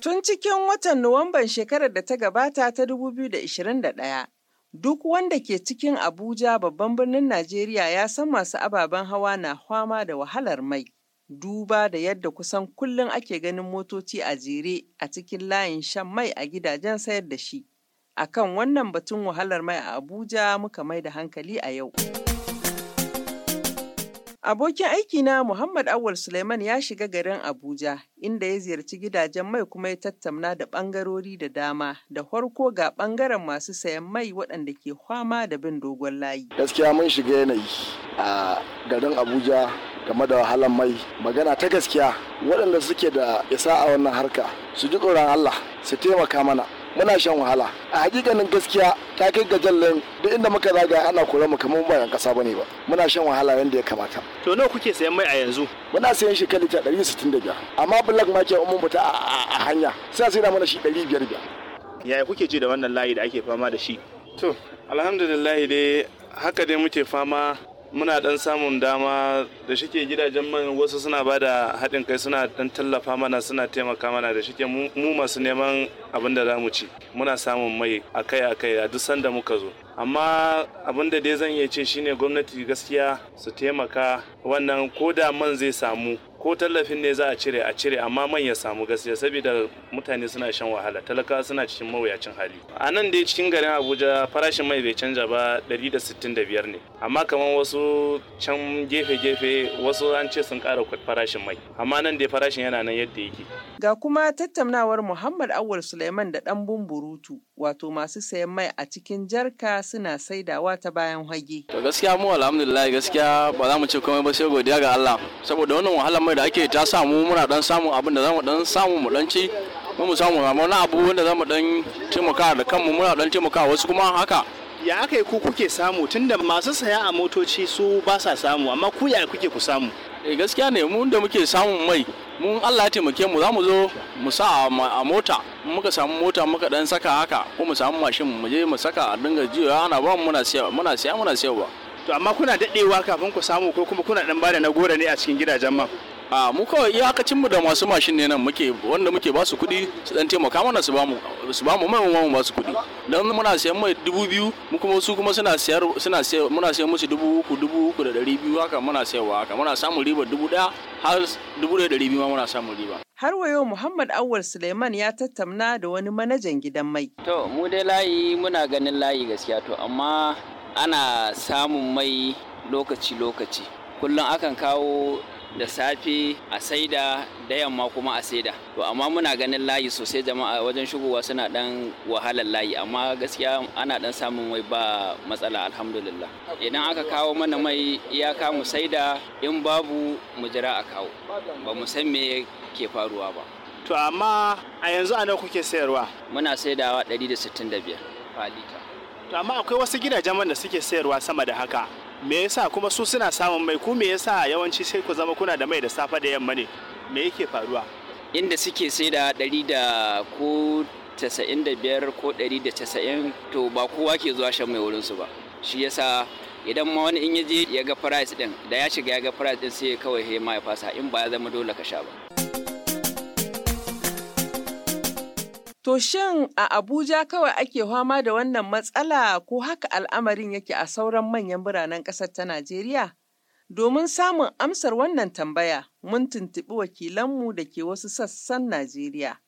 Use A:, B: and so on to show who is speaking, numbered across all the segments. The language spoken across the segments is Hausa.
A: Tun cikin watan Nuwamban shekarar da ta gabata ta 2021, duk wanda ke cikin Abuja babban birnin Najeriya ya san masu ababen hawa na fama da wahalar mai. Duba da yadda kusan kullum ake ganin motoci a jere a cikin layin shan mai a gidajen sayar da shi. Akan wannan batun wahalar mai a Abuja muka mai da hankali a yau. Abokin aiki na Muhammad Awal Suleiman ya shiga garin Abuja, inda ya ziyarci gidajen mai kuma ya tattauna da ɓangarori da dama. Da farko ga ɓangaren masu sayan mai waɗanda ke kwama da bin dogon layi.
B: Gaskiya mun shiga yanayi a garin Abuja game da wahalar mai. Magana ta gaskiya waɗanda suke da isa a wannan harka su ji tsoron Allah su taimaka mana. muna shan wahala a hakikanin gaskiya ta kai ga jallan duk inda muka zaga ana kore mu kamar ba yan kasa bane ba muna shan wahala yanda ya kamata to nawa kuke sayan mai a yanzu muna sayan shi kan lita 165 amma black market mun fita a hanya sai sai da mana shi 500 yaya kuke ji da wannan layi da ake fama da shi to alhamdulillah dai haka dai muke fama muna dan samun dama da shike gidajen man wasu suna ba da haɗin kai suna dan tallafa mana suna taimaka mana da shike mu masu neman abin da za mu ci muna samun mai akai akai a duk sanda muka zo amma abin da dai zan iya ce shine gwamnati gaskiya su taimaka wannan ko da man zai samu ko tallafin ne za a cire a cire amma man ya samu gaskiya saboda mutane suna shan wahala talakawa suna cikin mawuyacin hali a nan dai cikin garin abuja farashin mai bai canja ba 165 ne amma kamar wasu can gefe-gefe wasu an ce sun ƙara farashin mai amma nan dai farashin yana nan yadda yake
A: ga kuma tattaunawar muhammad awal suleiman da dan bumburutu wato masu sayan mai a cikin jarka suna saidawa ta bayan hage.
B: To gaskiya mu alhamdulillah gaskiya ba za mu ce komai ba sai godiya ga Allah saboda wannan wahalar mai da ake ta samu muna dan samu abin da zamu dan samu mu dan ci mu mu samu amma wani abu wanda zamu dan taimaka da kanmu muna dan taimaka wasu kuma haka ya aka yi ku kuke samu tunda masu saya a motoci su ba sa samu amma ku ya kuke ku samu E gaskiya ne mu da muke samun mai mun Allah ya taimake mu za mu zo mu sa a mota muka samu mota muka dan saka haka ko mu samu mashin mu je mu saka a dinga jiya ana ba mu muna siya muna siya muna siya ba to amma kuna dadewa kafin ku samu ko kuma kuna dan bada na gora ne a cikin gidajen man a mu kawai iyakacin mu da masu mashin ne nan muke wanda muke ba su kuɗi su dan taimaka mana su bamu su bamu mai mu ba su kuɗi dan muna sayan mai dubu biyu mu kuma su kuma suna sayar suna sayar muna sayan musu dubu uku dubu uku da ɗari biyu haka muna sayarwa haka muna samun riba dubu ɗaya har dubu ɗaya ɗari biyu ma muna samun riba.
A: Har wa yau Muhammad Awal Suleiman ya tattamna da wani manajan gidan mai. To mu dai layi muna ganin layi gaskiya to amma
B: ana samun mai lokaci-lokaci kullum akan kawo da safe a saida da yamma kuma a saida to amma muna ganin layi sosai jama'a wajen shigowa suna dan wahalar layi amma gaskiya ana dan samun wai ba matsala alhamdulillah idan aka kawo mana mai iyaka mu saida in babu mu jira a kawo ba mu san me ke faruwa ba to amma a yanzu a kuke sayarwa muna saidawa 165 to amma akwai wasu gidajen da suke sayarwa sama da haka me yasa kuma su suna samun mai ku me yasa yawanci sai ku zama kuna da mai da safa da yamma ne me yake faruwa inda suke sai da ɗari da ko casa'in da biyar ko ɗari da casa'in to ba kowa ke zuwa shan mai wurinsu ba shi yasa idan ma wani in ya je ya ga price din da ya shiga ya ga price din sai kawai he ma ya fasa in ba ya zama dole ka sha ba
A: To shin a Abuja kawai ake fama da wannan matsala ko haka al'amarin yake a sauran manyan biranen ƙasar ta Najeriya? Domin samun amsar wannan tambaya, mun tuntuɓi wakilanmu da ke wasu sassan Najeriya.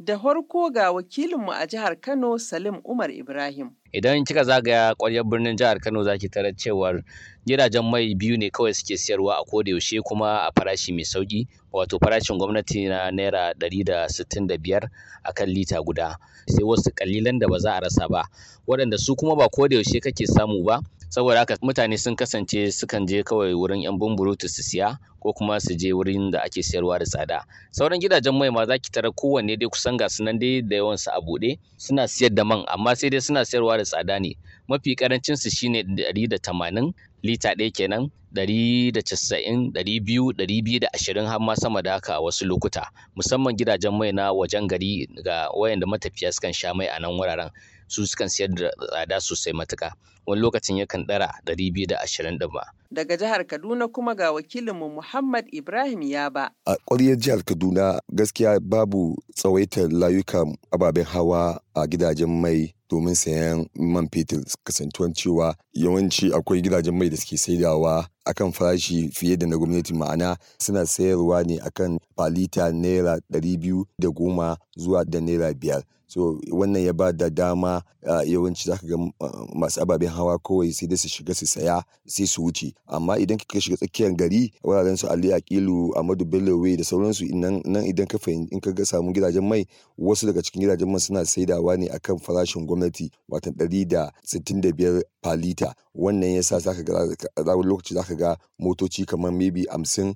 A: Da farko ga wakilinmu a jihar Kano Salim Umar Ibrahim.
B: Idan kika zagaya ƙwaryar birnin jihar Kano za ki tarar cewar gidajen mai biyu ne kawai suke siyarwa a koda yaushe kuma a farashi mai sauki wato farashin gwamnati na naira ɗari da sittin da biyar a kan lita guda sai wasu ƙalilan da ba za a rasa ba waɗanda su kuma ba koda yaushe kake samu ba saboda haka mutane sun kasance sukan je kawai wurin yan bumburutu su siya ko kuma su je wurin da ake sayarwa da tsada sauran gidajen mai ma zaki tara kowanne dai kusan ga sunan dai da yawan su a buɗe suna siyar da man amma sai dai suna sayarwa da tsada ne mafi karancin su shine 180 da lita ɗaya kenan 190 da casa'in da ashirin har ma sama da haka a wasu lokuta musamman gidajen mai na wajen gari ga wayanda matafiya sukan sha mai a nan wuraren su sukan siyar da tsada sosai matuka wani lokacin yakan ɗara ɗari biyu da ashirin ɗin ma.
A: Daga jihar Kaduna kuma ga wakilinmu Muhammad Ibrahim Yaba.
B: A ƙwaryar jihar Kaduna gaskiya babu tsawaitar layukan ababen hawa a gidajen mai domin sayan man fetur kasantuwan cewa yawanci akwai gidajen mai da suke saidawa akan farashi fiye da na gwamnati ma'ana suna sayarwa ne akan falita naira ɗari biyu da goma zuwa da naira biyar so wannan ya ba da dama yawanci zaka ga masu ababen hawa kawai sai dai su shiga su saya sai su wuce amma idan kika shiga tsakiyar gari wuraren su Ali Aqilu Ahmadu Bello da sauransu nan nan idan ka fahimci in ka ga samu gidajen mai wasu daga cikin gidajen mai suna saidawa ne akan farashin gwamnati watan 165 per liter wannan yasa zaka ga lokaci zaka ga motoci kamar maybe 50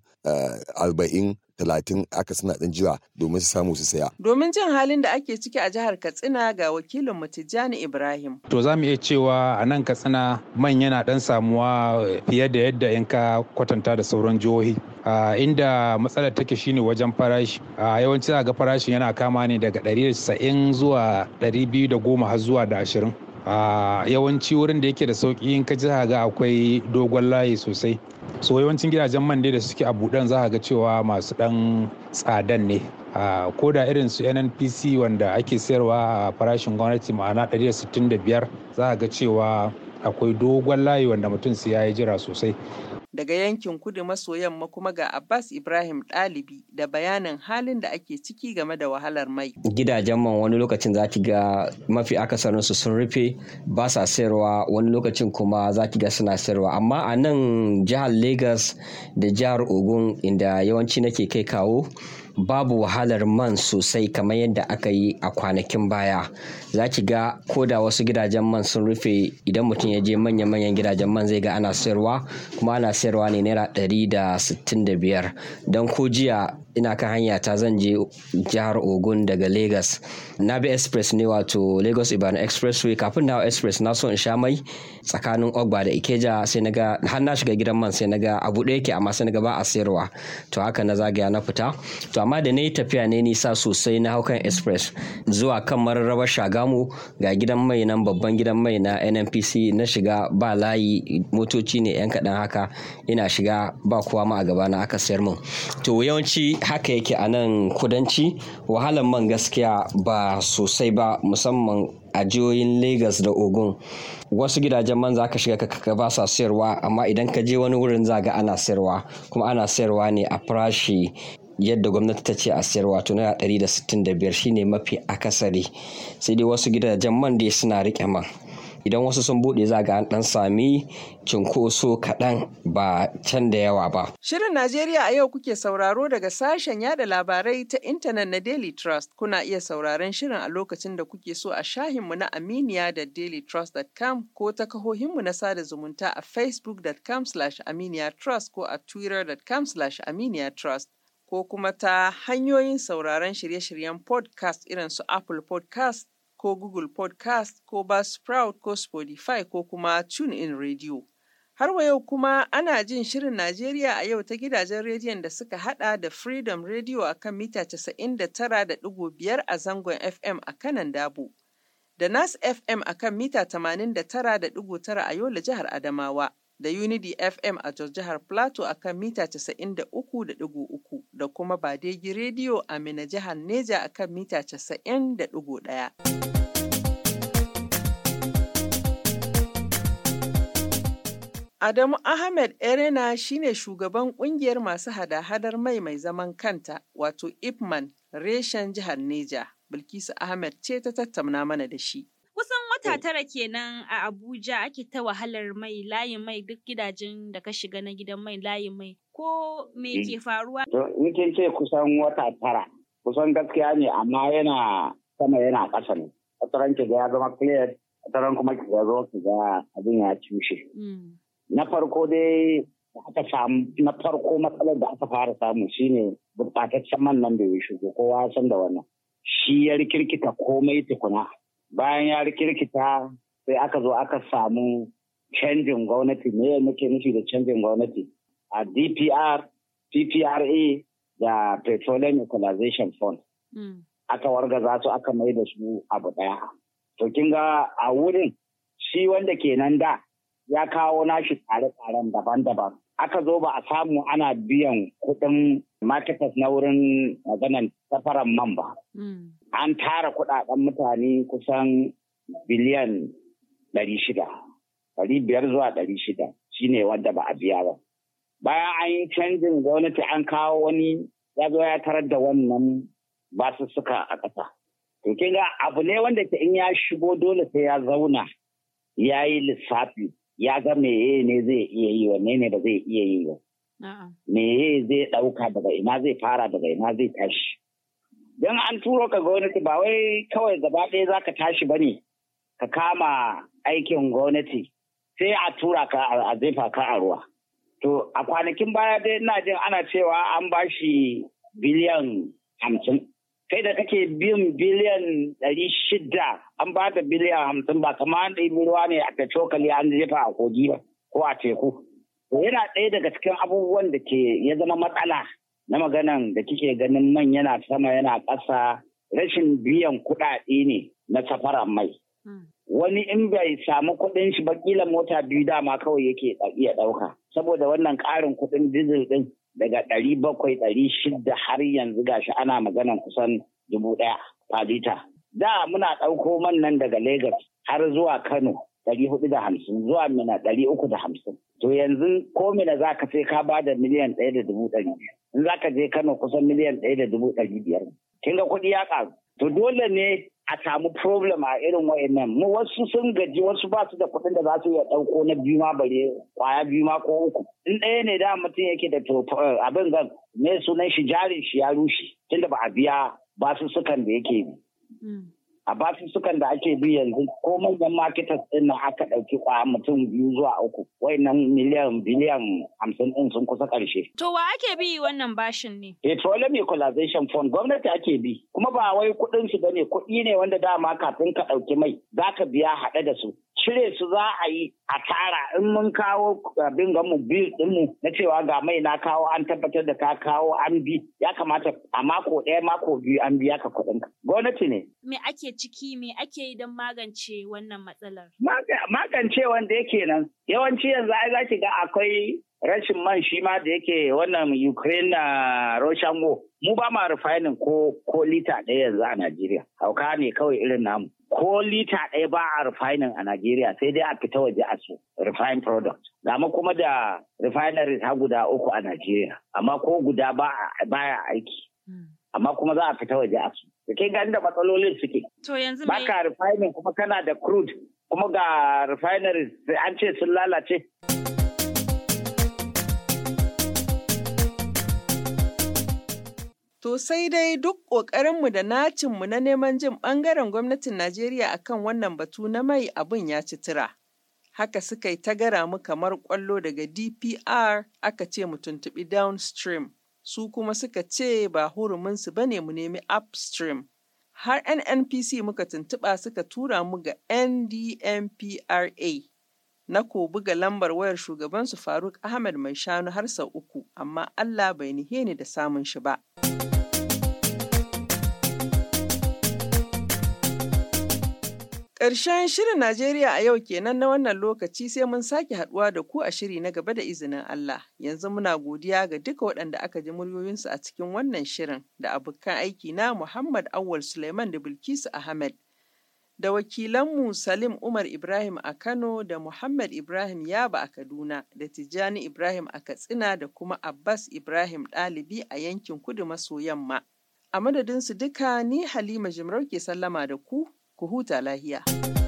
B: arba'in talatin aka suna ɗan jira domin su samu su saya.
A: Domin jin halin da ake ciki a jihar Katsina ga wakilin mu Tijjani Ibrahim.
B: To za mu iya cewa a nan Katsina man yana ɗan samuwa eh, fiye da yadda in ka kwatanta da sauran jihohi. inda matsalar take shine wajen farashi uh, yawanci za ga farashin yana kama ne daga 190 zuwa 210 har zuwa da 20 a yawanci wurin da yake da sauki in ka ji ga akwai dogon layi sosai so yawancin gidajen man da suke a buɗen za ga cewa masu ɗan tsadan ne a koda irin su nnpc wanda ake sayarwa a farashin gwamnati ma'ana 165 za ga cewa akwai dogon layi
C: wanda mutum sai ya yi jira sosai
A: daga yankin kudu maso yamma kuma ga Abbas Ibrahim ɗalibi da bayanin halin da ake ciki game da wahalar mai.
C: Gidajen man wani lokacin za ki ga mafi akasarin su sun rufe ba sa sayarwa wani lokacin kuma za ki ga suna sayarwa amma a nan jihar Lagos da jihar Ogun inda yawanci nake kai kawo babu wahalar man sosai kamar yadda aka yi a kwanakin baya za ki ga ko da wasu gidajen man sun rufe idan mutum ya je manya-manyan gidajen man zai ga ana sayarwa kuma ana sayarwa ne naira ɗari da sittin da biyar don ko jiya ina kan hanya ta zan je jihar ogun daga lagos na bi express ne wato lagos ibadan expressway kafin na express na so in sha mai tsakanin ogba da ikeja sai na ga har na shiga gidan man sai na ga abu ɗaya yake amma sai na ga ba a sayarwa to haka na zagaya na fita to amma da na yi tafiya ne nisa sosai na haukan express zuwa kan mararraba shagamu ga gidan mai nan babban gidan mai na nnpc na shiga ba layi motoci ne yan kaɗan haka ina shiga ba kowa ma a gaba na aka sayar min to yawanci haka yake a nan kudanci wahalan man gaskiya ba sosai ba musamman a jihohin Legas da Ogun. Wasu gidajen man za ka shiga ka ba sa sayarwa amma idan ka je wani wurin za ga ana sayarwa kuma ana sayarwa ne a farashi yadda gwamnati ta ce a siyar wato naira ɗari da sittin da biyar shine mafi akasari sai dai wasu gidajen man dai suna riƙe man idan wasu sun buɗe za ga an ɗan sami cinkoso kaɗan ba can da yawa ba.
A: Shirin Najeriya a yau kuke sauraro daga sashen yada labarai ta intanet na Daily Trust. Kuna iya sauraron shirin a lokacin da kuke so a shahinmu na Aminiya da dailytrust.com ko ta kahohinmu na sada zumunta a facebook.com/aminiya trust ko a twitter.com/aminiya trust. ko kuma ta hanyoyin sauraron shirye-shiryen podcast irin su Apple podcast ko Google podcast ko Buzzsprout ko Spotify ko kuma TuneIn Radio. Har wa yau kuma ana jin shirin Najeriya a yau ta gidajen rediyon da suka hada da Freedom Radio a kan mita 99.5 a zangon FM a kanan Dabo, da Nas FM a kan mita 89.9 a Yola jihar Adamawa. da Unity FM a Jos Jihar Plateau a kan mita 93.3 da kuma Badegi Radio a Mina Jihar Neja a kan mita 90.1. Adamu Ahmed Erena shine shugaban ƙungiyar masu hada-hadar mai mai zaman kanta wato Ipman reshen jihar Neja. Bilkisu Ahmed ce ta tattauna mana da shi. wata eh. tara kenan a Abuja ake ta wahalar mai layin mai duk gidajen da ka shiga na gidan mai layin mai. Ko me eh. ke faruwa?
D: Nike ce kusan wata tara. Kusan gaskiya ne amma yana sama yana ƙasa ne. A tsaron ki ya zama clear, a tsaron kuma ki ya zo ki ga abin ya cushe. Mm. Na farko dai aka samu na farko matsalar da aka fara samu shine gurɓataccen man nan bai shigo kowa san da wannan. Shi ya rikirkita komai tukuna. bayan ya rikirkita sai aka zo aka samu canjin gwamnati me muke nufi da canjin gwamnati a dpr ppra da petroleum equalization fund hmm. aka warga za su aka mai da su abu daya to kin ga a wurin shi wanda ke nan da ya kawo nashi tsare-tsaren daban-daban aka zo ba a samu ana biyan kuɗin marketers na wurin maganan safaran man ba. Mm. An tara kudaden mutane kusan biliyan ɗari shida, ɗari biyar zuwa ɗari shida shi ne wanda ba a biya ba. Bayan an yi canjin gwamnati an kawo wani ya zo ya tarar da wannan basussuka a ƙasa. To kin ga abu ne wanda ta in ya shigo dole sai ya zauna ya yi lissafi ya ga meye ne zai iya yi wa ne ba zai iya yi ba. me zai ɗauka daga ina zai fara daga ina zai tashi don an turo ka gwamnati ba wai kawai gaba ɗaya za ka tashi ba ne ka kama aikin gwamnati sai a tura ka a zefa ka a ruwa to a kwanakin baya dai ina jin ana cewa an ba shi biliyan hamsin kai da kake bin biliyan ɗari shida an ba da biliyan hamsin ba kamar ɗin ruwa ne a ta cokali an jefa a kogi ba ko a teku yana ɗaya daga cikin abubuwan da ke ya zama matsala na maganan da kike ganin man yana sama yana ƙasa rashin biyan kuɗaɗe ne na safarar mai. Hmm. Wani in bai samu kuɗin shi ba kila mota biyu dama kawai yake iya ɗauka. Saboda wannan ƙarin kuɗin dizil ɗin daga ɗari bakwai ɗari shida har yanzu gashi ana maganan kusan dubu ɗaya a lita. Da muna ɗauko man nan daga Legas har zuwa Kano ɗari hudu da hamsin zuwa mina ɗari uku da hamsin. To yanzu ko mina za ka sai ka ba da miliyan ɗaya da dubu ɗari. In za ka je Kano kusan miliyan ɗaya da dubu ɗari biyar. Kin ga kuɗi ya ƙaru. To dole ne a samu problem a irin wa'annan. Mu wasu sun gaji wasu ba su da kuɗin da za su iya ɗauko na biyu ma bare kwaya biyu ma ko uku. In ɗaya ne da mutum yake da eh, abin gan me sunan shi jarin shi ya rushe tunda ba a biya sukan da yake bi. a basussukan da ake bi yanzu ko manyan marketers din nan aka ɗauki kwa mutum biyu zuwa uku wayannan miliyan biliyan hamsin din sun kusa ƙarshe.
C: To wa ake bi wannan bashin ne?
D: Petroleum eh, Equalization Fund gwamnati ake bi kuma ba wai kuɗin su bane kuɗi ne wanda dama kafin ka ɗauki mai zaka biya haɗe da su. cire su za a yi a tara in mun kawo abin gamu biyu dinmu na cewa ga mai na kawo an tabbatar da ka kawo an bi ya kamata a mako ɗaya mako biyu an biya ka kuɗin ka gwamnati ne.
A: Me ake ciki me ake yi don magance wannan matsalar?
D: Magance wanda yake nan yawanci yanzu ai zaki ga akwai rashin man shi ma da yake wannan Ukraine na Roshango. Mu ba ma refining ko ko lita ɗaya yanzu a Najeriya. Hauka ne kawai irin namu. ko lita ɗaya ba a refining a Najeriya sai dai a fita waje a su refined product. Dama kuma da refineries ha guda uku a Najeriya, amma ko guda ba ya aiki. Hmm. Amma kuma za a fita waje a su. Da gani da matsalolin suke. To yanzu Baka refining kuma kana da crude kuma ga refineries an ce sun lalace.
A: sai dai duk ƙoƙarinmu da mu na neman jin ɓangaren gwamnatin Najeriya akan wannan batu na mai abun ya ci tura. Haka suka yi ta gara mu kamar ƙwallo daga DPR aka ce mu tuntuɓi downstream, su kuma suka ce ba huruminsu ba ne mu nemi upstream. Har NNPC muka tuntuɓa suka tura mu ga NDMPRA. na ko buga lambar wayar shugabansu Faruk Ahmad mai shanu har sau uku, amma Allah bai nihe ni da samun shi ba. Ƙarshen shirin Najeriya a yau kenan na wannan lokaci sai mun sake haɗuwa da ku a shiri na gaba da izinin Allah. Yanzu muna godiya ga duka waɗanda aka ji muryoyinsu a cikin wannan shirin da abokan aiki na Muhammad Awwal Suleiman da Bilkisu Ahmed. Da wakilanmu Salim Umar Ibrahim a Kano da Muhammad Ibrahim Yaba a Kaduna da Tijjani Ibrahim a Katsina da kuma Abbas Ibrahim ɗalibi a yankin kudu maso yamma. A madadinsu duka ni Halima Jimarau ke sallama da ku Ku huta lahiya.